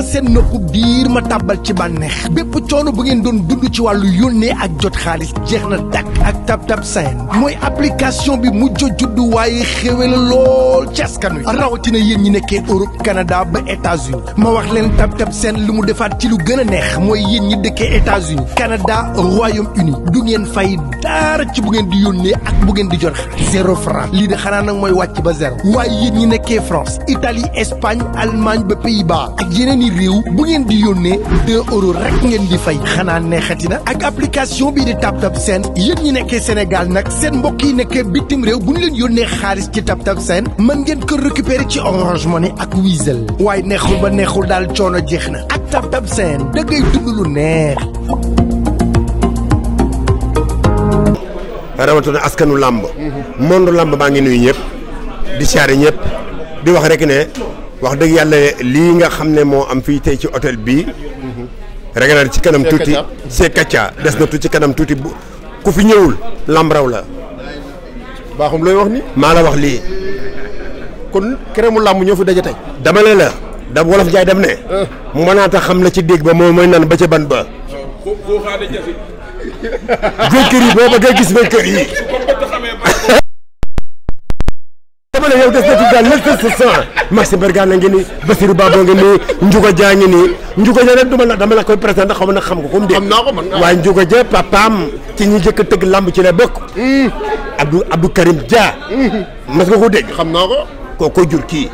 ma seen noppu biir ma tàbbal ci bànneex bépp coono bu ngeen doon dund ci wàllu yónnee ak jot xaalis jeex na dakk ak Tab Tab Send mooy application bi mu mujj juddu waaye xéwe la lool ci askan wi rawatina yéen ñi nekkee Europe Canada ba États-Unis ma wax leen Tab Tab Send li mu defaat ci lu gën a neex mooy yéen ñi dëkkee États-Unis Canada Royaume-Uni du ngeen fay dara ci bu ngeen di yónnee ak bu ngeen di jot xaalis zéro franc lii di xanaa nag mooy wàcc ba zéro waaye yéen ñi nekkee France Italie Espagne Allemagne ba biir réew bu ngeen di yónnee 2 euros rek ngeen di fay xanaa neexati na ak application bii di TapTap Send yéen ñi nekkee senegal nag seen mbokk yi nekkee bitim réew bu ñu leen yónnee xaalis ci TapTap Send mën ngeen ko récupérer ci Orange Money ak Wizall waaye neexul ba neexul daal coono jeex na ak TapTap Send da ngay dund lu neex. askanu làmb làmb baa ngi nuyu ñëpp wax dëgg yàlla lii nga xam ne moo am fii tey ci hôtel bii rek ci kanam tuuti c'est Katia des na tuuti ci kanam tuuti bu ku fi ñëwul lambraw la looy wax ni maa la wax lii kon keremu làmb ñoo fi daje tey dama ne la da wolof jaay dem ne naa eh. mënaata xam la ci dégg ba moo mooy nan ba ca ban ba koo kër yi boo bëggee gis na kër yi dama ne yow des na ci gaal lël sa sa sang Maxime Bergane ngi nii Basirou Babo ngi nii Ndiouga Dia ngi nii Ndiouga Dia nag duma ko man waaye Ndiouga Dia papaam ci ñi jëkk a tëgg lamb ci la bokk hmm. Abdou Abdou Karim Dia hmm. mas nga xam naa ko koo koy jur kii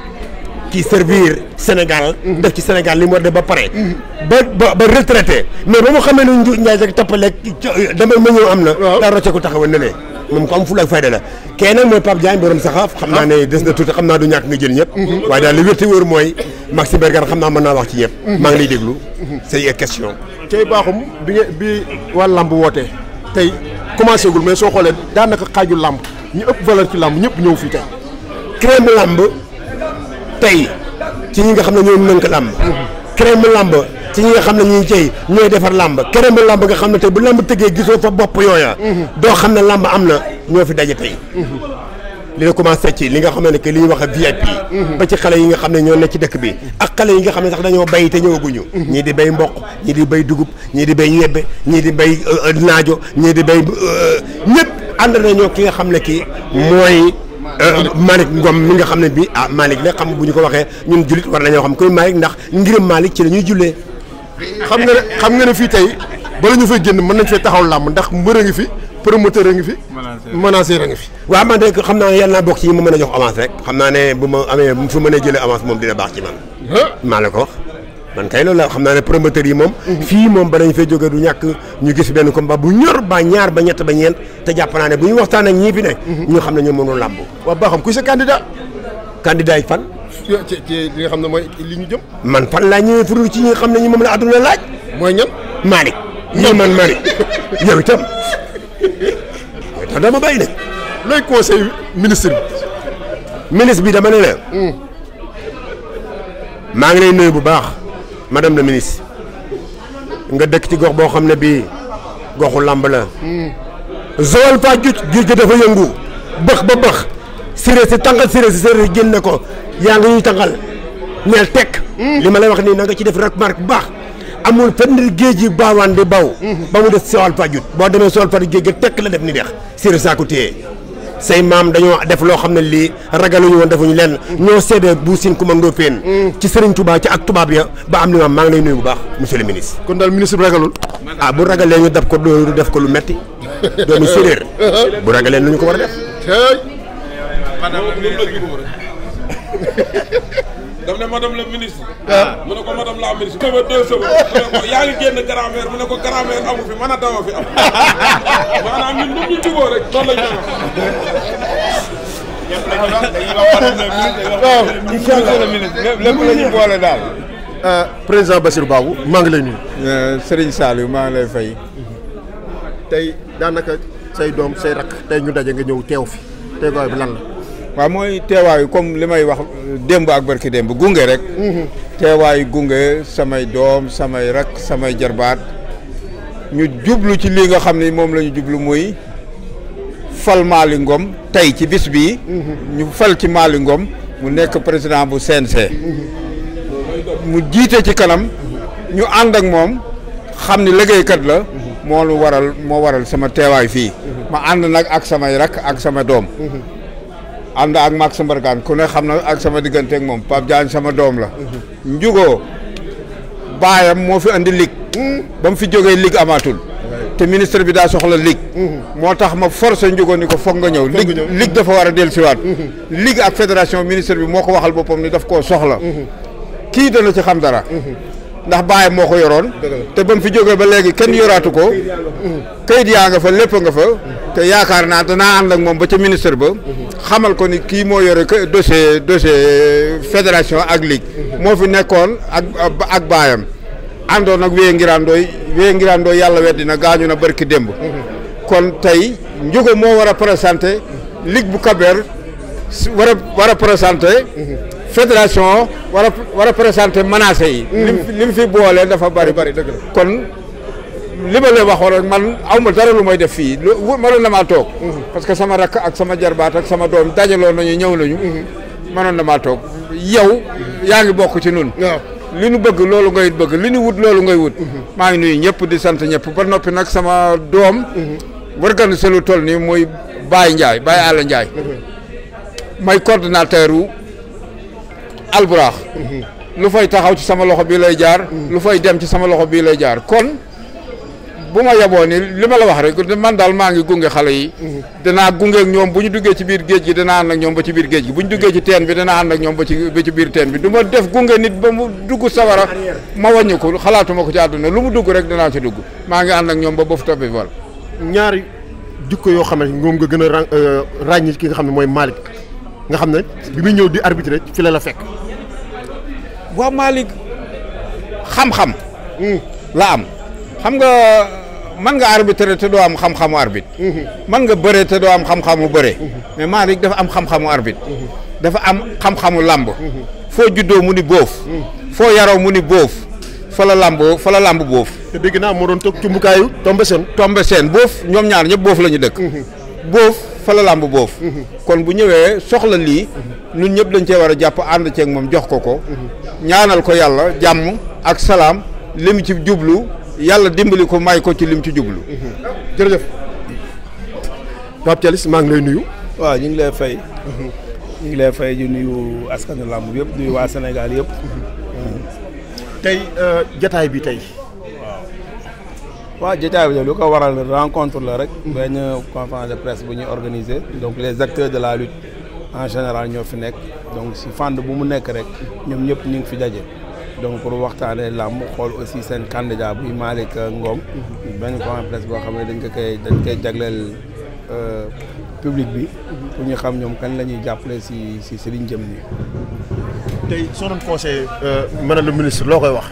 kii servir Sénégal hmm. def ci Sénégal li mu war ba pare ba ba ba retraité mais ba mu xamee ne Ndiouga Ndiaye rek tappaleeg ma ñëw am na daa rocceeku taxawa ne ne moom ko am ful ak fayda la kee nag mooy Pape Diagne borom saxaaf xam naa ne ah. des na tuuti xam naa du ñàkk nga jël ñëpp mm-hmm. Mm-hmm. waaye daal li wér te wér mooy Maxime Bergane xam naa mën naa wax ci ñëpp mm-hmm. maa ngi lay déglu say question tey baaxum bi nga bi waa làmb wootee tey commencé gul mais soo xoolee daanaka xaaju làmb ñu ëpp valeur ci làmb ñëpp ñëw fii tey crème làmb tey ci ñi nga xam ne ñoom nënk làmb crème lamb ci ñi nga xam ne ñuy jëy ñooy defar lamb crème lamb nga xam ne tey bu lamb tëggee gisoo fa bopp yooya mhm. doo xam ne làmb am na ñoo fi daje tey mhm. li na commencé ci li nga xam ne que li ñu wax VIP mhm. ba ci xale yi nga xam ne ñoo ne ci dëkk bi ak xale yi nga xam ne sax dañoo bay te ñëwaguñu ñii di bay mboq ñii di bay dugub ñii di bay ñebbe ñii di bay euh, euh, naajo ñii di bay euh, ñëpp ànd nañoo ki nga xam ne kii mooy Euh, Malick Ngom mi nga xam ne bi ah Malick la xam bu ñu ko waxee ñun jullit war nañoo xam koy Malick ndax ngirum Malick ci la ñuy jule xam nga ne xam nga ne fii tey bala ñu fay génn mën nañ fee taxaw làmb ndax mbër a ngi fi promoteur a ngi fi menaceur a ngi fi waaw man de xam naa ne yàlla naa bokk ci ñi ma mën a jox avance rek xam naa ne bu ma amee su mënee jëlee avance moom dina baax ci man maa la ko wax man kay loolu la xam naa ne promoteurs yi moom. fii moom ba nañ fay jóge du ñàkk ñu gis benn kom combat bu ñor ba ñaar ba ñett ba ñeent te jàpp bu ñu waxtaan ak ñii fi ne. ñu xam ne ñoo mënul làmb. waaw baaxam kuy sa candidat. candidat yi fan. ci ci nga xam ne mooy li ñu jëm. man fan laa ñëwee furu ci ñu nga xam ne ñi moom la àdduna laaj. mooy ñan Malick. ñii man Malick yow itam. mooy tax dama bàyyi nag. looy conseil ministre bi. ministre bi dama ne la. Mm. ngi lay nuyu bu baax. madame la ministre nga dëkk ci gox boo xam ne bii goxu làmb la. Joal Fadiouth géej gi dafa yëngu bëx ba bëx siré si tàngal siré si siré génne ko yaa ngi ñuy tàngal neel tekk li ma lay wax nii na nga ci def remarque bu baax amul fenn géej yi baawaan di baw mm-hmm. ba mu des Joal Fadiouth boo demee Joal Fadiouth géej gi tekk la def ni deex siré saa ko téye say maam dañoo def loo xam ne lii ragaluñu woon defuñu lenn ñoo seede bu sin ku ma ndóopeen ci sëriñ Touba ci ak tubaab ya ba am li maam maa ngi lay nuyu bu baax monsieur le ministre kon daal ministre bi ragalul ah, bu ragalee ñu def ko dooru def ko lu metti doomu séréer bu ragalee lu ñu ko war a def daf ne madame la ministre. Ah. mu ne ko madame la ministre. yaa ngi génn grammaire mu ne ko grammaire amu fi mën a dawa fi am maanaam ñun ñun ñu jubóo rek noonu lañ demee. ñëpp la daal. président Bassirou Babou maa ngi lay nuyu. Euh, Serigne Saliou maa ngi lay fay. tey daanaka say doom say rakk tey ñu daje nga ñëw teew fi teewaay bi lan la. waaw mooy teewaayu comme li may wax démb ak barki démb gunge rek. Mhm. teewaayu gunge samay doom samay rak samay jarbaat ñu jublu ci lii nga xam ne moom la ñu jublu muy fal Malick Ngom tey ci bis bi mhm. ñu fal ci Malick Ngom mu nekk président bu CNG. Mhm. mu jiite ci kanam ñu ànd ak moom xam ni liggéeykat la. moo lu waral moo waral sama teewaay fii. ma ànd nag ak samay rak ak sama doom. ànd ak Max Mbargane ku ne xam na ak sama diggante ak moom Pape Diagne sama doom la. njugoo baayam moo fi indi lig ba mu fi jógee lig amaatul. te ministre bi daa soxla lig moo tax ma forcé njugoo ni ko foog nga ñëw. lig lig dafa war a dellusiwaat. Mhm. ligg ak fédération ministre bi moo ko waxal boppam ni daf koo soxla. Mhm. kii dana ci xam dara. Mhm. ndax bàyyi moo ko yoroon. te ba mu fi jógee ba léegi kenn yoraatu ko. kayit yaa nga fa lépp nga fa. te yaakaar naa danaa ànd ak moom ba ca ministre ba. xamal ko ni kii moo yore que dossier dossier fédération ak ligue. moo fi nekkoon ak ak baayam. àndoon ak wee ngiraandooy wee ngiraandooy yàlla weddi na gaañu na barki démb. kon tey Ndiouga moo war a présenté ligue bu Kaber war war a présenté. fédération war a war a présenté menacé yi. Mm-hmm. li mu fi boole dafa bari bari dëgg kon. li ma leen waxoon rek man aw ma dara lu may def fii lu mënoon maa toog. Mhm. parce que sama rakk ak sama jarbaat ak sama doom dajaloon nañu ñëw nañu. Mhm. mënoon na maa toog yow yaa ngi bokk ci nun li nu bëgg loolu ngay bëgg li nu wut loolu ngay wut. Mhm. maa ngi nuyu ñëpp di sant ñëpp ba noppi nag sama doom. wërgan selu toll nii muy Baye Ndiaye Baye Alla njaay may coordonnateur wu Alburax lu fay taxaw ci sama loxo bii lay jaar. lu fay dem ci sama loxo bii lay jaar kon. bu ma yeboo ni li ma la wax rek man daal maa ngi gunge xale yi danaa gunge ak ñoom bu ñu duggee ci biir géej gi danaa ànd ak ñoom ba ci biir géej gi bu ñu ci teen bi danaa ànd ak ba ci ba ci biir bi du ma def gunge nit ba mu dugg sawara ma wàññi ko xalaatuma ko ci àdduna lu mu dugg rek danaa ci dugg maa ngi ànd ak ñoom ba bofu toppi vol ñaari jikko yoo xam ne moom nga gën a euh, ràññi ki nga xam ne mooy Malick nga xam ne bi muy ñëw di arbitré fi la la fekk waaw Malick xam-xam hmm. la am xam nga man nga arbitre te doo am xam-xamu arbitre. man mhm. nga bëre te doo am xam-xamu bëre. Mhm. mais Malick dafa am xam-xamu arbitre. Mhm. dafa am xam làmb. foo juddoo mu ni boof. foo yaroo mu ni boof. fa la làmb fa làmb boof. te dégg naa moo doon toog cumbukaayu tombe seen. tombe seen boof ñoom ñaar ñëpp boof la ñu dëkk. boof fa la làmb boof. kon bu ñëwee soxla lii. ñun ñëpp dañ cee war a jàpp ànd ceeg moom jox ko ko. ñaanal ko yàlla jàmm ak salaam li ci jublu. yàlla dimbali ko may ko ci lim ci jublu. jërëjëf. Pape Thialis maa ngi lay nuyu. waaw ñu ngi lay fay. ñu ngi lay fay di nuyu askanu làmb bi yëpp nuyu waa Sénégal yëpp. tey euh, jataay bi tey. waaw jotaay bi nag lu ko waral rencontre la rek. Mm-hmm. benn conférence de presse bu ñuy organiser. donc les acteurs de la lutte en général ñoo fi nekk donc si fànn bu mu nekk rek ñoom ñëpp ñu ngi fi daje. donc pour waxtaanee làmb xool aussi seen candidat buy Malick Ngom. benn point presse boo xam ne dañ ko koy dañ koy jagleel euh, public bi. pour ñu xam ñoom kan la ñuy jàppale si si si liñ jëm nii. tey soo doon conseillé. Euh, madame le ministre loo koy wax.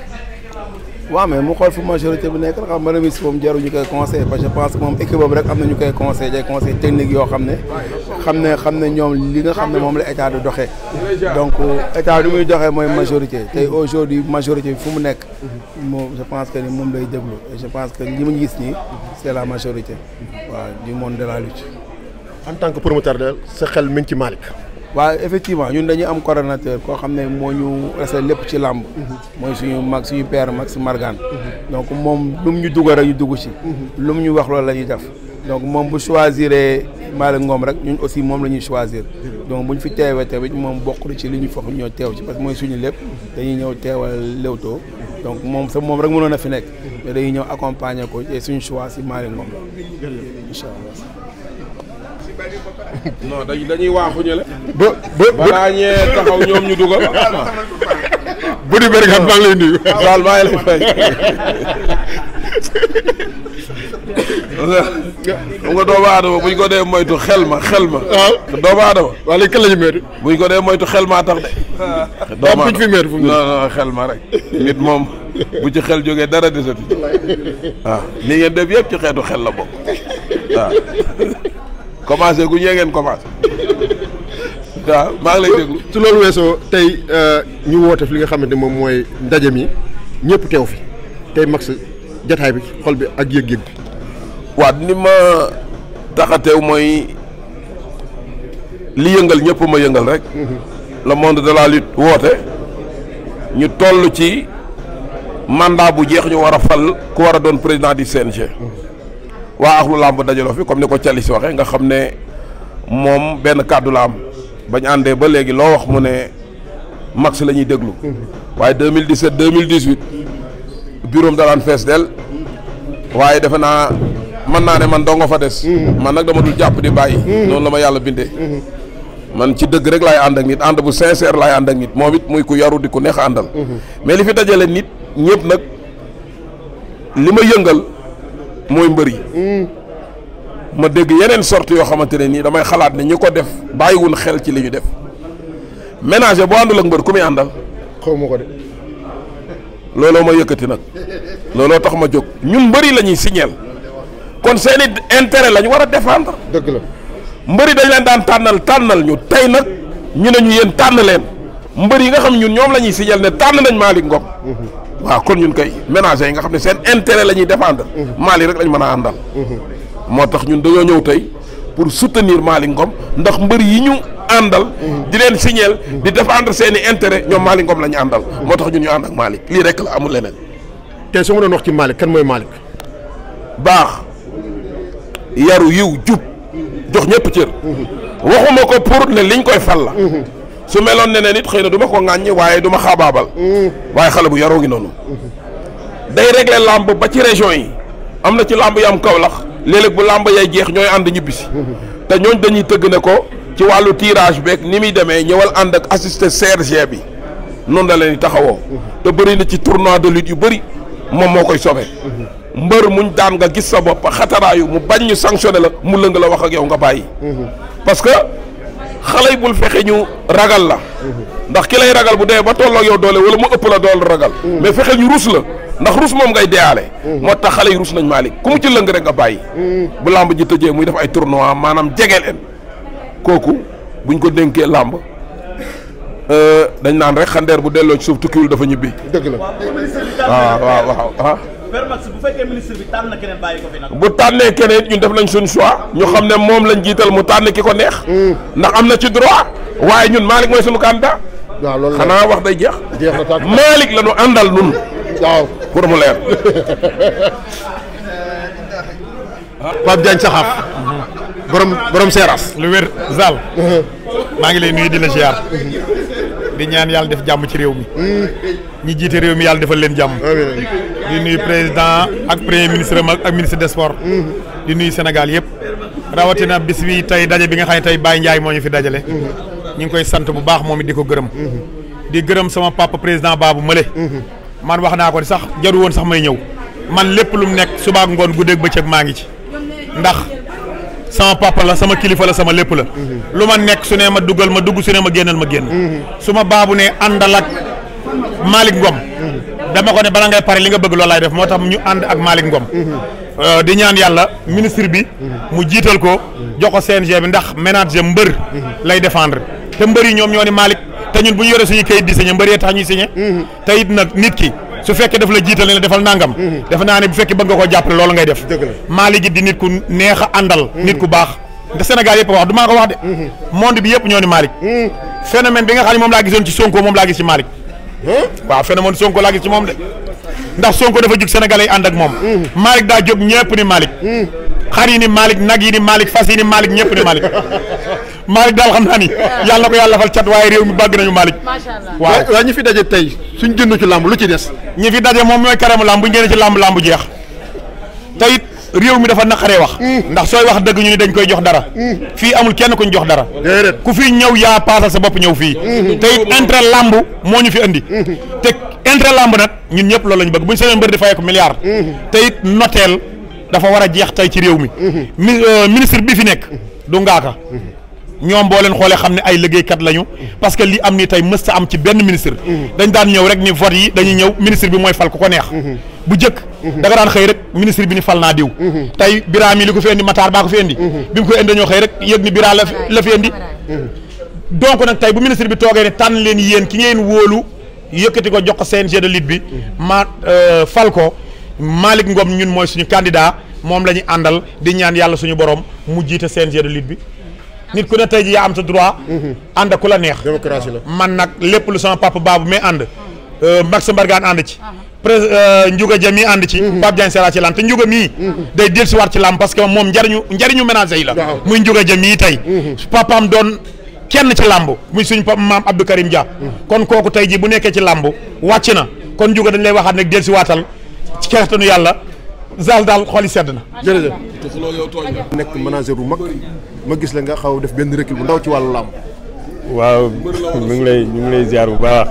waaw mais mu xool fu majorité bu nekk xam nga remise moom jarul ñu koy conseillé parce que je pense que moom équipe rek am na ñu koy conseillé des yoo xam ne xam ne xam ne ñoom li nga xam ne moom la état di doxee donc état li muy doxee mooy majorité tey aujourd'hui majorité fu mu nekk moom je pense que ni moom lay déglu et je pense que li mu gis nii c'est la majorité waaw du monde de la lutte en tant que promoteur de sa xel mi ngi ci Malick waaw effectivement ñun dañuy am coordonnateur koo xam ne moo ñu resté lépp ci làmb mooy suñu mag suñu mag si Margane donc moom lu mu ñu dugal rek ñu dugg ci lu mu ñu wax loolu la def donc moom bu choisir Malick Ngom rek ñun aussi moom la ñuy choisir donc bu fi teewee tamit moom bokkul ci lu ñu foog ñoo teew ci parce que mooy suñu lépp dañuy ñëw teewal Leewtoo donc moom sa moom rek mënoon a fi nekk mais dañuy ñëw accompagner ko et suñu choix si Malick Ngom la incha allah non dañuy dañuy waaxu ñu la. ba ba balaa ñee taxaw ñoom ñu dugal. bu di bëri kat maa ngi lay nuyu. maa ngi lay fay. xam nga doomu aadama buñ ko dee moytu xel ma xel ma. doomu aadama. waaw léegi kan la ñu meetu. ko dee moytu xel maa tax de. doomu aadama fi meetu xel ma rek. nit moom bu ci xel jógee dara desati. waaw li ngeen def ci xeetu xel la bokk waaw. commencé gu ñee ngeen commencé waaw maa ngi lay déglu. su loolu weesoo tey euh, ñu woote fi li nga xamante moom mooy ndaje mi ñëpp teew fi tey max jataay bi xol bi ak yëg-yëg bi. waa ni ma tax teew mooy li yëngal ñëpp ma yëngal rek. Mhm. le monde de la liit woote ñu toll ci mandat bu jeex ñu war a fal ku war a doon président du CNG. Mhm. waa axlu làmb dajaloo fi comme ni ko si waxee nga xam ne moom benn kàddu la am bañ àndee ba léegi loo wax mu ne max la ñuy déglu waaye 2017 2018 bureau am dalaan fees del waaye defe naa mën naa ne man dongo fa des man nag dama dul jàpp di bàyyi noonu la ma yàlla bindee man ci dëgg rek laay ànd ak nit ànd bu sincère lay ànd ak nit moom it muy ku yaru di ku neex àndal mhm. mais li fi dajale nit ñëpp nag li ma yëngal mooy mbër yi ma dégg yeneen sorte yoo xamante ne nii damay xalaat ne ñi ko def bàyyiwul xel ci li ñu def ménager boo àndul ak mbër ku muy àndal xaw ko de looloo ma yëkkati nag looloo tax ma jóg ñun mbëri la ñuy signeel kon seen i intérêt war a défendre dëgg la mbëri dañ leen daan tànnal tànnal ñu tey nag ñu ne ñu yéen tànn leen mbër yi nga xam ñun ñoom la ñuy signeel ne tànn nañ Malick Ngom waaw kon ñun koy ménager yi nga xam ne seen intéret la ñuy défendre. Mali rek lañ mën a àndal. moo tax ñun dañoo ñëw tey pour soutenir Mali Ngom ndax mbër yi ñu àndal. di leen signeel di défendre seen i intérêt ñoom Mali Ngom la ñu àndal. moo tax ñun ñu ànd ak Mali lii rek la amul leneen. tey su ma doon wax ci Mali kenn mooy Mali. baax yaru yiw jub jox ñëpp cër. Mhm. waxuma ko pour ne liñ koy fal la. Mhm. su meloon ne nit xëy na duma ma ko ŋàññi waaye duma ma baabal waaye xale bu yaroo ngi noonu. day régler làmb ba ci région yi am na ci làmb yi am Kaolack léeg-léeg bu làmb yay jeex ñooy ànd ñibbisi. te ñooñ dañuy tëgg ne ko ci wàllu tirage beeg ni muy demee ñëwal ànd ak assisté CRG bi noonu la leen di taxawoo. te bëri na ci tournoi de lutte yu bëri moom moo koy sobe. mbër muñ daan nga gis sa bopp xataraayu mu bañ ñu sanctionné la mu lëng la wax ak yow nga bàyyi. xale yi bul fexe ñu ragal la ndax ki lay ragal bu dee ba tolloog yow doole wala mu ëpp la doole ragal mais fexeel ñu ruus la ndax ruus moom ngay deyaale moo tax xale yi ruus nañ Malick ku mu ci lëng rek nga bàyyi bu làmb ji tëjee muy def ay tournoi maanaam jege leen kooku buñ ko dénkee làmb euh, dañ naan rek xandeer bu delloo ci suuf tukkiwul dafa ñibbi dëgg ah, waaw waaw ah. Fermax bu fekkee ministre bi na bu tànnee keneen ñun def nañ suñu choix. ñu xam ne moom lañ jiital mu tànn ki ko neex. Mm. ndax am na ci droit. waaye ñun Malick mooy suñu candidat. waaw loolu xanaa wax day jeex. jeex na tànn Malick la ñu àndal ñun. waaw pour mu leer. Pape Diagne Saxaaf. borom borom Seras. lu wér Zal. maa ngi lay nuyu di la ziar. di ñaan yàlla def jàmm ci réew mi. ñi jiite réew mi yàlla defal leen jàmm. di nuyu président ak premier ministre ak ministre des sports. di nuyu Sénégal yëpp. rawatina bis bi tey daje bi nga xam ne tey Baye Ndiaye moo ñu fi dajale. ñu ngi koy sant bu baax moom it di ko gërëm. di gërëm sama papa président Babou Mële. man wax naa ko sax jaru woon sax may ñëw. man lépp lu mu nekk suba ak ngoon ba bëccëg maa ngi ci. ndax. sama papa la sama kilifa la sama lépp la. Mhm. lu ma nekk su ne ma dugal ma dugg su nee ma génnal ma génn. Mhm. su ma baabu ne àndal ak Malick Ngom. Mhm. dama ko ne bala ngay pare li nga bëgg loolu laay def moo tax ñu ànd ak Malick Ngom. Euh, di ñaan yàlla ministre bi. mu jiital ko. jox ko seen CNG bi ndax ménager mbër. lay défendre te mbër yi ñoom ñoo ne Malick te ñun bu ñu yore suñu kayit di signé mbër yee tax ñuy signé. te it nag nit ki. su fekkee daf la jiital ne la defal nangam mhm. defe naa ne bu fekkee bëgg nga koo jàppale loolu ngay def Malick gi di nit ku neex a àndal mhm. nit ku baax te Sénégal yëpp wax du maa ko wax de mhm. monde bi yëpp ñoo ni Malick phénomène bi nga xam ne moom laa gisoon ci Sonko moom laa gis ci waaw phénomène Sonko laa gis ci moom de ndax Sonko dafa jug sénégalais yi ànd ak moom Malick daa jóg ñëpp ni Malick xar yi ni Malick nag yi ni Malick fas yi ni Malick ñëpp ni Malick Malick daal xam naa ni yàlla na ko yàlla fal cat waaye réew mi bàgg nañu Malick waaw waaw ñi fi daje tey suñ jënd ci làmb lu ci des ñi fi daje moom mooy karamu làmb bu ñu génne ci làmb làmb jeex te it réew mi dafa naqaree wax mm. ndax sooy wax dëgg ñu ni dañ koy jox dara mm. fii amul kenn ñu jox dara ku fi ñëw yaa paasal sa bopp ñëw fii mm-hmm. te it làmb moo ñu fi indi mm-hmm. te intérêt làmb nag ñun ñëpp lool lañu bëgg bu seen mbër di fayee ko milliard mm-hmm. te dafa war a jeex tey ci réew mi euh, ministre bi fi nekk du ñoom boo leen xoolee xam ne ay liggéeykat lañu parce que li am ni tey mës am ci benn ministre dañ daan ñëw rek ni vote yi dañuy ñëw ministre bi mooy fal ku ko neex bu jëkk da nga daan xëy rek ministre bi ni fal naa diw tey biraam yi li ko fi indi mataar baa ko fi indi bi mu koy indi dañoo xëy rek yëg ni biraa la fi indi donc nag tey bu ministre bi toogee ne tànn leen yéen ki ngeen wóolu yëkkati ko jox ko CNG de lutte bi ma euh, fal ko malik Ngom ñun mooy suñu candidat moom la ñu àndal di ñaan yàlla suñu borom mu jiite CNG de lutte bi nit ku ne tey ji yaa am sa droit. Mhm. ànd ku la neex. démocratie la man nag lépp lu sama papa baabu mais ànd. Euh, Max Mbargane ànd ci. Uh-huh. prés euh, Ndiouga Dia mii ànd ci. Mhm. Pape Diagne Sera ci lam te Ndiouga mii. Mhm. day dellusiwaat ci lam parce que moom njariñu njariñu ménager yi la. muy Ndiouga Dia mii tey. papaam doon kenn ci làmb muy suñ papa maam Abdou Karim Dia. kon kooku tey ji bu nekkee ci làmb wàcc na kon Ndiouga dañ lay waxaat nag dellusiwaatal ci nu yàlla. Zal daal xool sedd na. jërëjëf nekk manager bu mag ma gis la nga xaw def benn recul bu ndaw ci wàllu làmb. waaw ñu ngi lay ñu ngi lay ziar bu baax.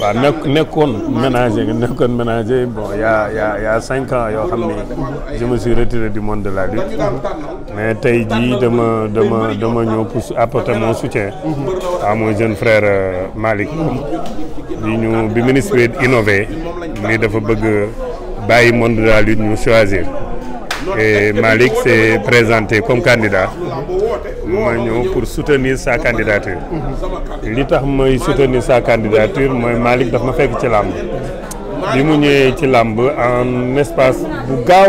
waaw nekk nekkoon ménager nekkoon ménager bon y' a y' cinq ans yoo xam ne je me suis retiré du monde de la lutte mais tey jii dama dama dama ñëw pour apporter mon soutien à mon jeune frère euh, Malick bi ñu bi ministre innové ni dafa bëgg. bàyyi monde de la lutte ñu choisir et Malick s'est présenté comme candidat ma ñëw pour soutenir sa candidature li tax may soutenir sa candidature mooy Malick daf ma fekk ci làmb bi mu ñëwee ci làmb en espace bu gaaw